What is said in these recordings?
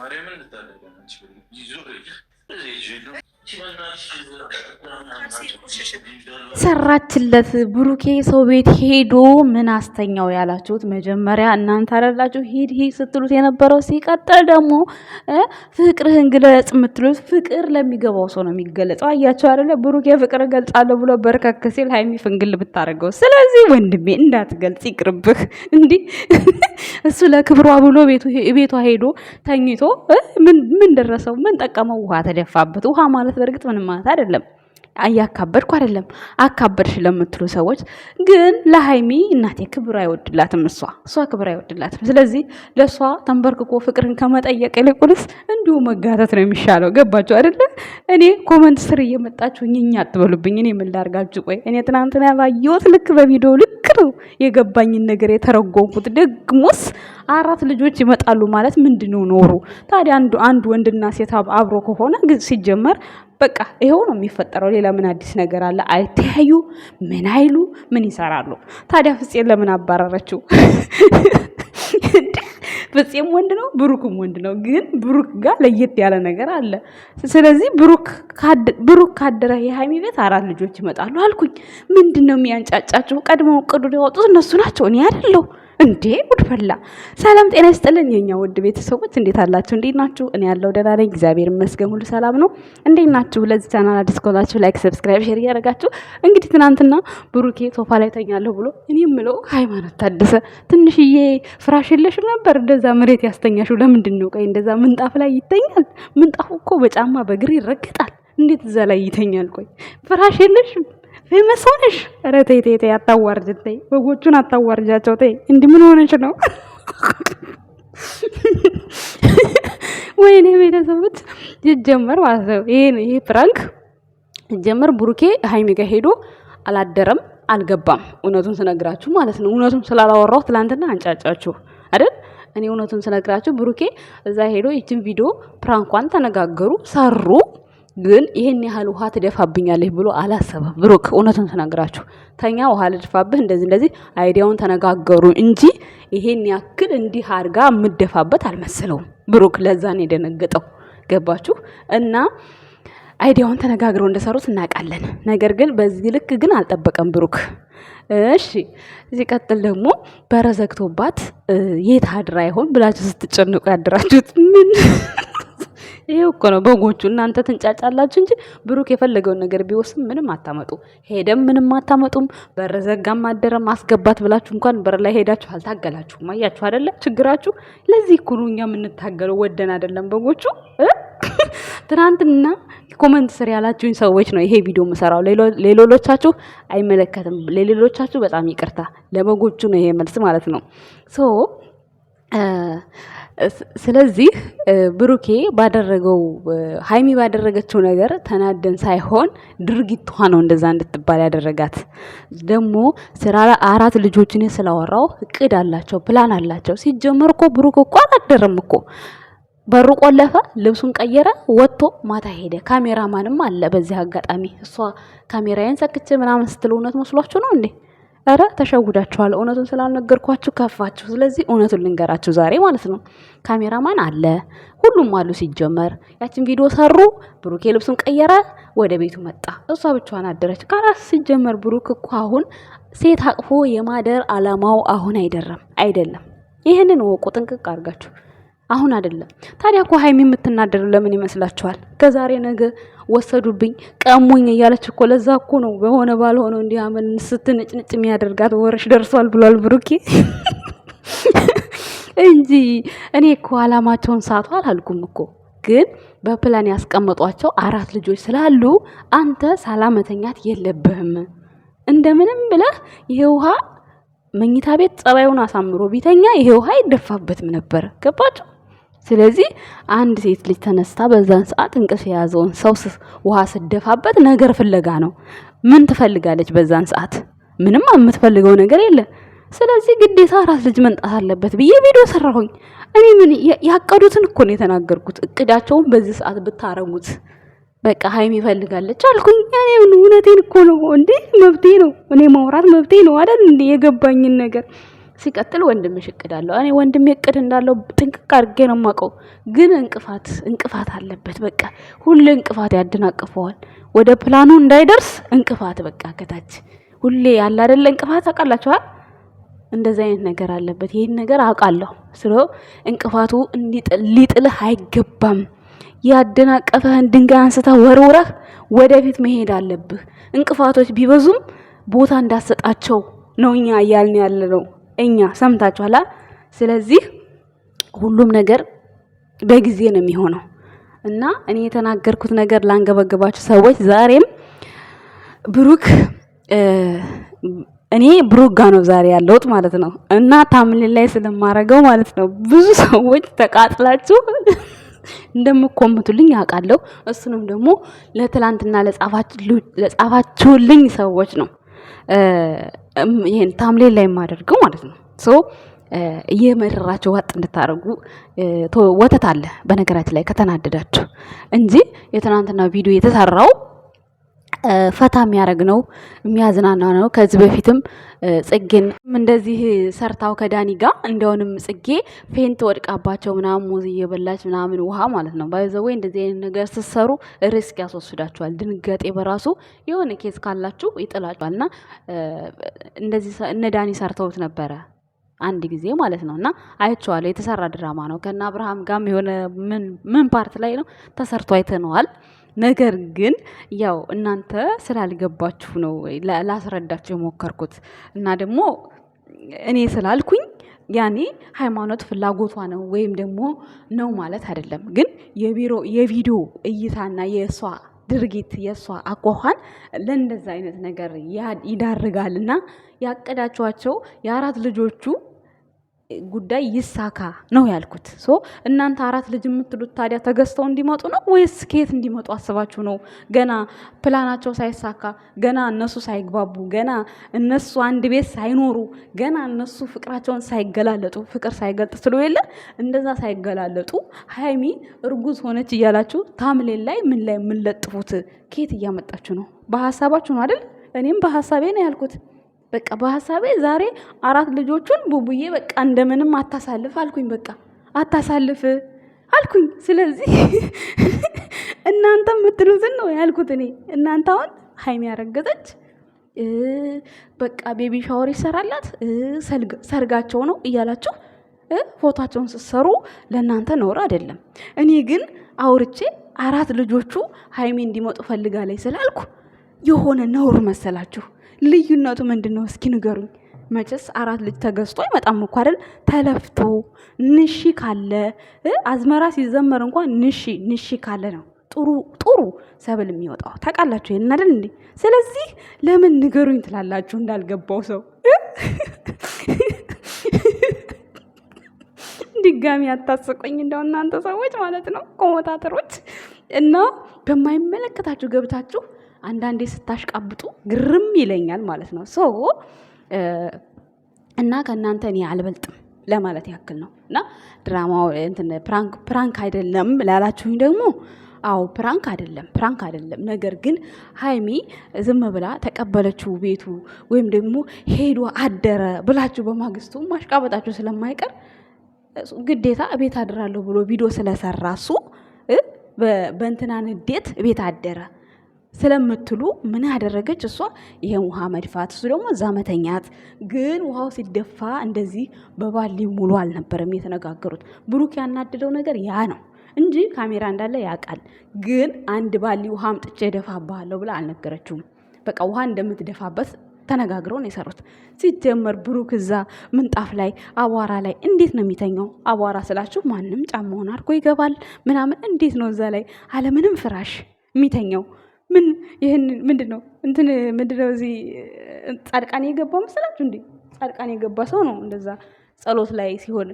ማርያምን ልታደርገናች ይዞ ሰራችለት ብሩኬ ሰው ቤት ሄዶ ምን አስተኛው ያላችሁት መጀመሪያ እናንተ አደላችሁ ሂድ ሂድ ስትሉት የነበረው ሲቀጥል ደግሞ ፍቅርህን ግለጽ የምትሉት ፍቅር ለሚገባው ሰው ነው የሚገለጸው አያቸው አይደለ ብሩኬ ፍቅር ገልጻለሁ ብሎ በርከክ ሲል ሀይሚ ፍንግል ብታደርገው ስለዚህ ወንድሜ እንዳትገልጽ ይቅርብህ እንዲህ እሱ ለክብሯ ብሎ ቤቷ ሄዶ ተኝቶ ምን ደረሰው ምን ጠቀመው ውሃ ተደፋበት ውሃ ማለት በእርግጥ ምንም ማለት አይደለም። እያካበድኩ አይደለም። አካበድሽ ለምትሉ ሰዎች ግን ለሀይሚ እናቴ ክብር አይወድላትም። እሷ እሷ ክብር አይወድላትም። ስለዚህ ለእሷ ተንበርክኮ ፍቅርን ከመጠየቅ ይልቁንስ እንዲሁ መጋታት ነው የሚሻለው። ገባችሁ አይደለ? እኔ ኮመንት ስር እየመጣችሁ እኛ አትበሉብኝ። እኔ ምን ላርጋችሁ? ቆይ እኔ ትናንትና ባየሁት ልክ በቪዲዮ ልክ ነው የገባኝን ነገር የተረጎምኩት። ደግሞስ አራት ልጆች ይመጣሉ ማለት ምንድነው ኖሩ ታዲያ? አንድ ወንድና ሴት አብሮ ከሆነ ሲጀመር በቃ ይሄው ነው የሚፈጠረው። ሌላ ምን አዲስ ነገር አለ? አይተያዩ፣ ምን አይሉ፣ ምን ይሰራሉ? ታዲያ ፍፄን ለምን አባረረችው? ፍፄም ወንድ ነው፣ ብሩክም ወንድ ነው። ግን ብሩክ ጋር ለየት ያለ ነገር አለ። ስለዚህ ብሩክ ካደረ የሀይሚ ቤት አራት ልጆች ይመጣሉ አልኩኝ። ምንድን ነው የሚያንጫጫቸው? ቀድሞ ቅዱ ያወጡት እነሱ ናቸው፣ እኔ አይደለሁ። እንዴ ውድፈላ ሰላም ጤና ይስጥልን የኛ ውድ ቤተሰቦች እንዴት አላችሁ? እንዴት ናችሁ? እኔ ያለው ደህና ነኝ፣ እግዚአብሔር ይመስገን፣ ሁሉ ሰላም ነው። እንዴት ናችሁ? ለዚህ ቻናል አዲስ ከሆናችሁ ላይክ፣ ሰብስክራይብ፣ ሼር እያደረጋችሁ እንግዲህ ትናንትና ብሩኬ ሶፋ ላይ ተኛለሁ ብሎ እኔ የምለው ሃይማኖት ታደሰ ትንሽዬ ፍራሽ የለሽም ነበር እንደዛ መሬት ያስተኛሽው ለምንድን ነው? ቀይ እንደዛ ምንጣፍ ላይ ይተኛል? ምንጣፉ እኮ በጫማ በእግር ይረግጣል። እንዴት እዛ ላይ ይተኛል? ቆይ ፍራሽ የለሽም ፌመስ ሆነሽ? ኧረ ተይ ተይ ተይ፣ አታዋርጅ ተይ፣ በጎቹን አታዋርጃቸው ተይ። እንዲህ ምን ሆነሽ ነው? ወይኔ ቤተሰቦች፣ ይጀመር ማለት ነው ይሄ ፕራንክ ጀመር። ብሩኬ ሀይሚ ጋር ሄዶ አላደረም አልገባም። እውነቱን ስነግራችሁ ማለት ነው። እውነቱን ስላላወራሁ ትላንትና አንጫጫችሁ አይደል? እኔ እውነቱን ስነግራችሁ ብሩኬ እዛ ሄዶ ይችን ቪዲዮ ፕራንኳን ተነጋገሩ ሰሩ። ግን ይሄን ያህል ውሃ ትደፋብኛለህ ብሎ አላሰበም ብሩክ። እውነቱን ተናግራችሁ ተኛ ውሃ ልድፋብህ እንደዚህ እንደዚህ አይዲያውን ተነጋገሩ እንጂ ይሄን ያክል እንዲህ አድርጋ የምደፋበት አልመሰለውም ብሩክ። ለዛን የደነገጠው ገባችሁ እና አይዲያውን ተነጋግረው እንደሰሩት እናውቃለን። ነገር ግን በዚህ ልክ ግን አልጠበቀም ብሩክ። እሺ ሲቀጥል ደግሞ በረዘግቶባት የት አድራ ይሆን ብላችሁ ስትጨንቁ ያደራችሁት ምን ይሄ እኮ ነው በጎቹ። እናንተ ትንጫጫላችሁ እንጂ ብሩክ የፈለገውን ነገር ቢወስም ምንም አታመጡ። ሄደም ምንም አታመጡም። በር ዘጋም አደረም አስገባት ብላችሁ እንኳን በር ላይ ሄዳችሁ አልታገላችሁም። አያችሁ አይደለ ችግራችሁ። ለዚህ እኮ ነው እኛ የምንታገለው ወደን አይደለም በጎቹ። ትናንትና ኮመንት ስር ያላችሁኝ ሰዎች ነው ይሄ ቪዲዮ የምሰራው። ለሌሎቻችሁ አይመለከትም። ለሌሎቻችሁ በጣም ይቅርታ። ለበጎቹ ነው ይሄ መልስ ማለት ነው ሶ ስለዚህ ብሩኬ ባደረገው ሀይሚ ባደረገችው ነገር ተናደን ሳይሆን ድርጊቷ ነው እንደዛ እንድትባል ያደረጋት። ደግሞ ስራ አራት ልጆችን ስላወራው እቅድ አላቸው፣ ፕላን አላቸው። ሲጀመር እኮ ብሩክ እኮ አላደረም እኮ በሩ ቆለፈ፣ ልብሱን ቀየረ፣ ወጥቶ ማታ ሄደ። ካሜራማንም አለ። በዚህ አጋጣሚ እሷ ካሜራዬን ሰክቼ ምናምን ስትል እውነት መስሏችሁ ነው እንዴ? ኧረ ተሸውዳችኋል፣ እውነቱን ስላልነገርኳችሁ ከፋችሁ። ስለዚህ እውነቱን ልንገራችሁ ዛሬ ማለት ነው። ካሜራማን አለ፣ ሁሉም አሉ። ሲጀመር ያችን ቪዲዮ ሰሩ። ብሩኬ ልብሱን ቀየረ፣ ወደ ቤቱ መጣ። እሷ ብቻዋን አደረች። ካላስ ሲጀመር ብሩክ እኮ አሁን ሴት አቅፎ የማደር አላማው አሁን አይደለም አይደለም። ይህንን ወቁ ጥንቅቅ አድርጋችሁ አሁን አይደለም። ታዲያ እኮ ሀይሚ የምትናደር ለምን ይመስላችኋል? ከዛሬ ነገ ወሰዱብኝ፣ ቀሙኝ እያለች እኮ ለዛ እኮ ነው በሆነ ባልሆነው እንዲህ አመን ስትንጭንጭ የሚያደርጋት ወረሽ ደርሷል ብሏል ብሩኬ እንጂ እኔ እኮ አላማቸውን ሳቱ አላልኩም እኮ ግን በፕላን ያስቀመጧቸው አራት ልጆች ስላሉ አንተ ሳላመተኛት የለብህም። እንደምንም ብለህ ይሄ ውሃ መኝታ ቤት ጸባዩን አሳምሮ ቢተኛ ይሄ ውሃ አይደፋበትም ነበር። ገባቸው። ስለዚህ አንድ ሴት ልጅ ተነስታ በዛን ሰዓት እንቅልፍ የያዘውን ሰው ውሃ ስደፋበት ነገር ፍለጋ ነው። ምን ትፈልጋለች? በዛን ሰዓት ምንም የምትፈልገው ነገር የለ። ስለዚህ ግዴታ ራስ ልጅ መንጣት አለበት ብዬ ቪዲዮ ሰራሁኝ። እኔ ምን ያቀዱትን እኮ ነው የተናገርኩት። እቅዳቸውን በዚህ ሰዓት ብታረጉት በቃ ሀይም ይፈልጋለች አልኩኝ። እኔ እውነቴን እኮ ነው እንዴ፣ መብቴ ነው። እኔ ማውራት መብቴ ነው አይደል? የገባኝን ነገር ሲቀጥል ወንድምሽ እቅድ አለው። እኔ ወንድሜ እቅድ እንዳለው ጥንቅቅ አድርጌ ነው የማውቀው። ግን እንቅፋት እንቅፋት አለበት። በቃ ሁሌ እንቅፋት ያደናቅፈዋል። ወደ ፕላኑ እንዳይደርስ እንቅፋት በቃ ከታች ሁሌ ያለ አይደለ እንቅፋት አውቃላችኋል። እንደዚህ አይነት ነገር አለበት። ይህን ነገር አውቃለሁ። ስለ እንቅፋቱ ሊጥልህ አይገባም። ያደናቀፈህን ድንጋይ አንስተህ ወርውረህ ወደፊት መሄድ አለብህ። እንቅፋቶች ቢበዙም ቦታ እንዳሰጣቸው ነው እኛ እያልን ያለ ነው። እኛ ሰምታችኋላ። ስለዚህ ሁሉም ነገር በጊዜ ነው የሚሆነው እና እኔ የተናገርኩት ነገር ላንገበገባችሁ ሰዎች ዛሬም ብሩክ እኔ ብሩክ ጋ ነው ዛሬ ያለሁት ማለት ነው። እና ታምሌን ላይ ስለማረገው ማለት ነው ብዙ ሰዎች ተቃጥላችሁ እንደምኮምቱልኝ አውቃለሁ። እሱንም ደግሞ ለትላንትና ለጻፋችሁልኝ ሰዎች ነው ይሄን ታምሌን ላይ የማደርገው ማለት ነው። ሶ እየመረራቸው ዋጥ እንድታደርጉ ወተት አለ በነገራችን ላይ ከተናደዳችሁ እንጂ የትናንትና ቪዲዮ የተሰራው ፈታ የሚያደርግ ነው፣ የሚያዝናና ነው። ከዚህ በፊትም ጽጌን እንደዚህ ሰርታው ከዳኒ ጋር እንደውንም ጽጌ ፌንት ወድቃባቸው ምናምን ሙዝ እየበላች ምናምን ውሃ ማለት ነው። ባይዘዌ እንደዚህ አይነት ነገር ስትሰሩ ሪስክ ያስወስዳቸዋል። ድንገጤ በራሱ የሆነ ኬዝ ካላችሁ ይጥላቸዋል። እና እንደዚህ እነ ዳኒ ሰርተውት ነበረ አንድ ጊዜ ማለት ነው። እና አይቼዋለሁ። የተሰራ ድራማ ነው። ከነ አብርሃም ጋርም የሆነ ምን ፓርት ላይ ነው ተሰርቶ አይተነዋል። ነገር ግን ያው እናንተ ስላልገባችሁ ነው ላስረዳችሁ የሞከርኩት እና ደግሞ እኔ ስላልኩኝ ያኔ ሃይማኖት ፍላጎቷ ነው ወይም ደግሞ ነው ማለት አይደለም። ግን የቢሮ የቪዲዮ እይታና የእሷ ድርጊት የእሷ አኳኋን ለእንደዛ አይነት ነገር ይዳርጋል እና ያቀዳችኋቸው የአራት ልጆቹ ጉዳይ ይሳካ ነው ያልኩት። ሶ እናንተ አራት ልጅ የምትሉት ታዲያ ተገዝተው እንዲመጡ ነው ወይስ ከየት እንዲመጡ አስባችሁ ነው? ገና ፕላናቸው ሳይሳካ፣ ገና እነሱ ሳይግባቡ፣ ገና እነሱ አንድ ቤት ሳይኖሩ፣ ገና እነሱ ፍቅራቸውን ሳይገላለጡ፣ ፍቅር ሳይገልጥ ስለ የለ እንደዛ ሳይገላለጡ ሀይሚ እርጉዝ ሆነች እያላችሁ ታምሌን ላይ ምን ላይ የምንለጥፉት ከየት እያመጣችሁ ነው? በሀሳባችሁ ነው አይደል? እኔም በሀሳቤ ነው ያልኩት። በቃ በሀሳቤ ዛሬ አራት ልጆቹን ቡቡዬ በቃ እንደምንም አታሳልፍ አልኩኝ። በቃ አታሳልፍ አልኩኝ። ስለዚህ እናንተ የምትሉትን ነው ያልኩት። እኔ እናንተ አሁን ሀይሚ ያረገዘች በቃ ቤቢ ሻወር ይሰራላት ሰርጋቸው ነው እያላችሁ ፎታቸውን ስትሰሩ ለእናንተ ነውር አይደለም። እኔ ግን አውርቼ አራት ልጆቹ ሀይሜ እንዲመጡ ላይ ስላልኩ የሆነ ነውር መሰላችሁ። ልዩነቱ ምንድን ነው? እስኪ ንገሩኝ። መቼስ አራት ልጅ ተገዝቶ አይመጣም እኮ አይደል? ተለፍቶ ንሺ ካለ አዝመራ ሲዘመር እንኳን ንሺ ንሺ ካለ ነው ጥሩ ጥሩ ሰብል የሚወጣው ታውቃላችሁ። ይሄን አይደል እንዴ? ስለዚህ ለምን ንገሩኝ ትላላችሁ እንዳልገባው ሰው ድጋሚ አታስቆኝ እንደው እናንተ ሰዎች ማለት ነው ኮሞታተሮች እና በማይመለከታችሁ ገብታችሁ አንዳንዴ ስታሽቃብጡ ግርም ይለኛል ማለት ነው። ሶ እና ከእናንተ እኔ አልበልጥም ለማለት ያክል ነው። እና ድራማው እንትን ፕራንክ ፕራንክ አይደለም ላላችሁኝ ደግሞ አዎ ፕራንክ አይደለም፣ ፕራንክ አይደለም። ነገር ግን ሀይሚ ዝም ብላ ተቀበለችው ቤቱ ወይም ደግሞ ሄዶ አደረ ብላችሁ በማግስቱ ማሽቃበጣችሁ ስለማይቀር ግዴታ ቤት አድራለሁ ብሎ ቪዲዮ ስለሰራ እሱ በእንትና ንዴት ቤት አደረ ስለምትሉ ምን ያደረገች እሷ ይሄን ውሃ መድፋት፣ እሱ ደግሞ እዛ መተኛት። ግን ውሃው ሲደፋ እንደዚህ በባሊ ሙሉ አልነበረም የተነጋገሩት። ብሩክ ያናደደው ነገር ያ ነው እንጂ ካሜራ እንዳለ ያውቃል። ግን አንድ ባሊ ውሃ አምጥቼ እደፋብሃለሁ ብላ አልነገረችውም። በቃ ውሃ እንደምትደፋበት ተነጋግረው ነው የሰሩት። ሲጀመር ብሩክ እዛ ምንጣፍ ላይ አቧራ ላይ እንዴት ነው የሚተኛው? አቧራ ስላችሁ ማንም ጫማውን አድርጎ ይገባል ምናምን። እንዴት ነው እዛ ላይ አለምንም ፍራሽ የሚተኛው? ምን ይህን ምንድን ነው እንትን ምንድን ነው እዚህ ጻድቃን የገባው መሰላችሁ እንዴ? ጻድቃን የገባ ሰው ነው እንደዛ ጸሎት ላይ ሲሆን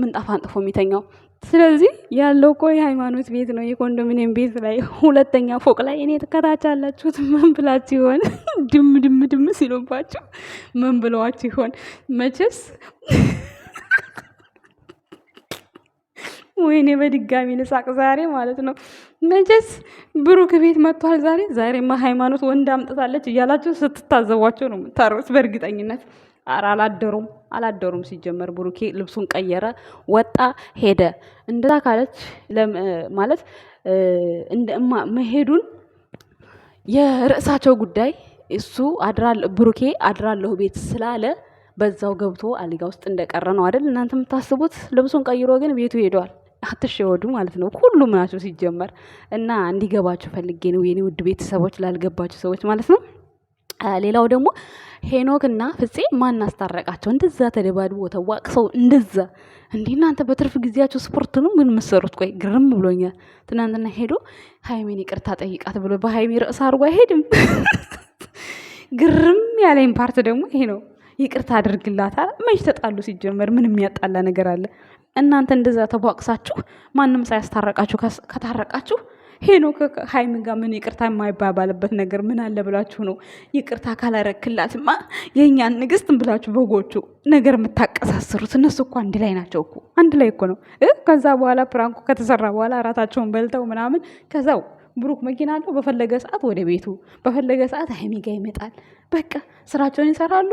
ምንጣፍ አንጥፎ የሚተኛው። ስለዚህ ያለው እኮ የሃይማኖት ቤት ነው፣ የኮንዶሚኒየም ቤት ላይ ሁለተኛ ፎቅ ላይ እኔ ትከታች አላችሁት ምን ብላችሁ ይሆን? ድም ድም ድም ሲሉባችሁ ምን ብለዋችሁ ይሆን? መቼስ ወይኔ በድጋሚ ልሳቅ ዛሬ ማለት ነው። መቼስ ብሩክ ቤት መጥቷል። ዛሬ ዛሬማ ሃይማኖት ወንድ አምጥታለች እያላቸው ስትታዘቧቸው ነው የምታሩት በእርግጠኝነት። ኧረ አላደሩም አላደሩም። ሲጀመር ብሩኬ ልብሱን ቀየረ፣ ወጣ፣ ሄደ። እንደዛ ካለች ማለት መሄዱን የርዕሳቸው ጉዳይ እሱ ብሩኬ አድራለሁ ቤት ስላለ በዛው ገብቶ አልጋ ውስጥ እንደቀረ ነው አይደል እናንተ የምታስቡት። ልብሱን ቀይሮ ግን ቤቱ ሄደዋል። አትሸወዱ ማለት ነው። ሁሉም ናቸው ሲጀመር እና እንዲገባቸው ፈልጌ ነው የኔ ውድ ቤተሰቦች፣ ላልገባቸው ሰዎች ማለት ነው። ሌላው ደግሞ ሄኖክና ፍፄ ማን አስታረቃቸው? እንደዛ ተደባድቦ ተዋቅሰው እንደዛ እንዲ እናንተ በትርፍ ጊዜያቸው ስፖርት ነው ግን የምትሰሩት? ቆይ ግርም ብሎኛል። ትናንትና ሄዶ ሀይሜን ይቅርታ ጠይቃት ብሎ በሀይሜ ርዕስ አድርጎ አይሄድም። ግርም ያለኝ ፓርት ደግሞ ይሄ ነው። ይቅርታ አድርግላታል። መች ተጣሉ ሲጀመር? ምን የሚያጣላ ነገር አለ? እናንተ እንደዛ ተቧቅሳችሁ ማንም ሳያስታረቃችሁ ከታረቃችሁ ሄኖክ ሀይሚ ጋር ምን ይቅርታ የማይባባልበት ነገር ምን አለ ብላችሁ ነው? ይቅርታ ካላረክላትማ የእኛን ንግስት ብላችሁ በጎቹ ነገር የምታቀሳስሩት እነሱ እኮ አንድ ላይ ናቸው እኮ አንድ ላይ እኮ ነው። ከዛ በኋላ ፕራንኩ ከተሰራ በኋላ እራታቸውን በልተው ምናምን ከዛው ብሩክ መኪና አለው። በፈለገ ሰዓት ወደ ቤቱ፣ በፈለገ ሰዓት ሀይሚ ጋ ይመጣል። በቃ ስራቸውን ይሰራሉ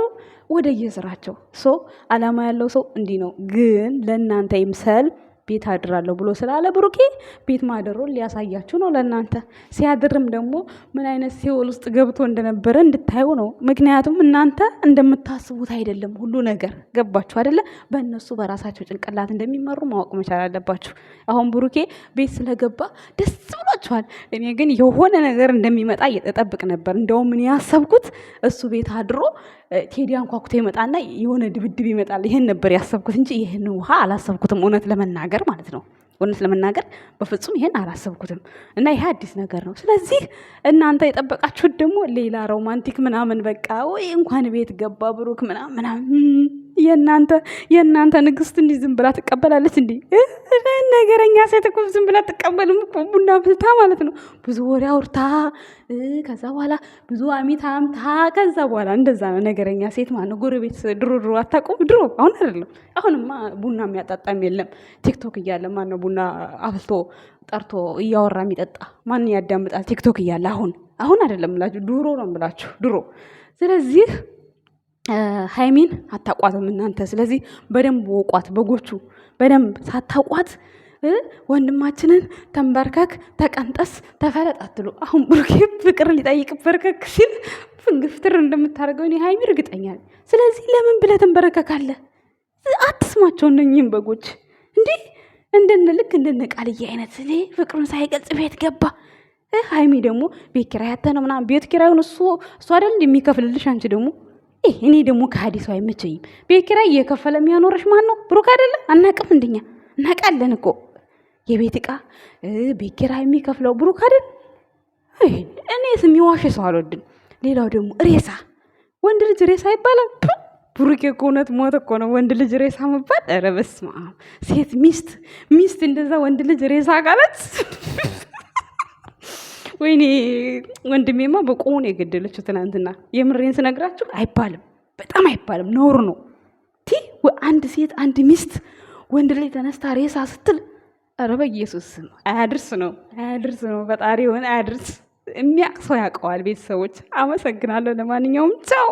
ወደየስራቸው። ሶ አላማ ያለው ሰው እንዲህ ነው። ግን ለእናንተ ይምሰል ቤት አድራለሁ ብሎ ስላለ ብሩኬ ቤት ማደሩን ሊያሳያችሁ ነው ለእናንተ። ሲያድርም ደግሞ ምን አይነት ሲኦል ውስጥ ገብቶ እንደነበረ እንድታዩ ነው። ምክንያቱም እናንተ እንደምታስቡት አይደለም ሁሉ ነገር ገባችሁ አይደለ? በእነሱ በራሳቸው ጭንቅላት እንደሚመሩ ማወቅ መቻል አለባችሁ። አሁን ብሩኬ ቤት ስለገባ ደስ ብሏችኋል። እኔ ግን የሆነ ነገር እንደሚመጣ እየተጠብቅ ነበር። እንደውም ምን ያሰብኩት እሱ ቤት አድሮ ቴዲ አንኳኩቶ ይመጣና የሆነ ድብድብ ይመጣል። ይህን ነበር ያሰብኩት እንጂ ይህን ውሃ አላሰብኩትም እውነት ለመናገር ነገር ማለት ነው። እውነት ለመናገር በፍጹም ይሄን አላሰብኩትም እና ይሄ አዲስ ነገር ነው። ስለዚህ እናንተ የጠበቃችሁት ደግሞ ሌላ ሮማንቲክ ምናምን በቃ ወይ እንኳን ቤት ገባ ብሩክ ምናምን ምናምን የእናንተ የእናንተ ንግስት እንዲህ ዝም ብላ ትቀበላለች? እንዲህ ነገረኛ ሴት እኮ ዝም ብላ ትቀበልም እኮ ቡና ፍልታ ማለት ነው። ብዙ ወሬ አውርታ ከዛ በኋላ ብዙ አሚታምታ ከዛ በኋላ እንደዛ ነው ነገረኛ ሴት ማለት ነው። ጎረቤት ድሮ ድሮ አታውቁም? ድሮ አሁን አይደለም። አሁንማ ቡና የሚያጣጣም የለም። ቲክቶክ እያለ ነው ቡና አፍልቶ ጠርቶ እያወራ የሚጠጣ ማን ያዳምጣል? ቲክቶክ እያለ አሁን አሁን አይደለም ብላችሁ ድሮ ነው ብላችሁ ድሮ ስለዚህ ሀይሚን አታቋትም እናንተ። ስለዚህ በደንብ ወቋት በጎቹ በደንብ ሳታቋት ወንድማችንን ተንበርከክ፣ ተቀንጠስ፣ ተፈለጥ አትሉ። አሁን ብሩኬ ፍቅር ሊጠይቅ በርከክ ሲል ፍንግፍትር እንደምታደርገው እኔ ሀይሚ እርግጠኛ ስለዚህ ለምን ብለህ ተንበረከካለህ? አትስማቸው እነኝህም በጎች እንዲህ እንደነ ልክ እንደነ ቃልዬ አይነት እኔ ፍቅሩን ሳይገልጽ ቤት ገባ። ሀይሚ ደግሞ ቤት ኪራይ ያተነው ምናምን ቤት ኪራዩን እሱ እሱ አይደል የሚከፍልልሽ አንቺ ደግሞ እኔ ደግሞ ከሀዲሰው አይመቸኝም። ቤት ኪራይ እየከፈለ የሚያኖረሽ ማን ነው? ብሩክ አይደለ? አናቅም፣ እንደኛ እናቃለን እኮ የቤት ዕቃ ቤት ኪራይ የሚከፍለው ብሩክ አይደል? እኔ የሚዋሽ ሰው አልወድም። ሌላው ደግሞ ሬሳ፣ ወንድ ልጅ ሬሳ ይባላል። ብሩኬ እኮ እውነት ሞት እኮ ነው ወንድ ልጅ ሬሳ መባል። ኧረ በስመ አብ! ሴት ሚስት ሚስት እንደዛ ወንድ ልጅ ሬሳ ጋለች ወይኔ ወንድሜማ በቆሙን የገደለችው ትናንትና። የምሬን ስነግራችሁ አይባልም፣ በጣም አይባልም፣ ነውር ነው። ቲ አንድ ሴት አንድ ሚስት ወንድ ላይ ተነስታ ሬሳ ስትል ኧረ በኢየሱስ ነው አያድርስ ነው አያድርስ ነው ፈጣሪ ሆን አያድርስ። የሚያቅሰው ያውቀዋል። ቤተሰቦች አመሰግናለሁ። ለማንኛውም ቻው።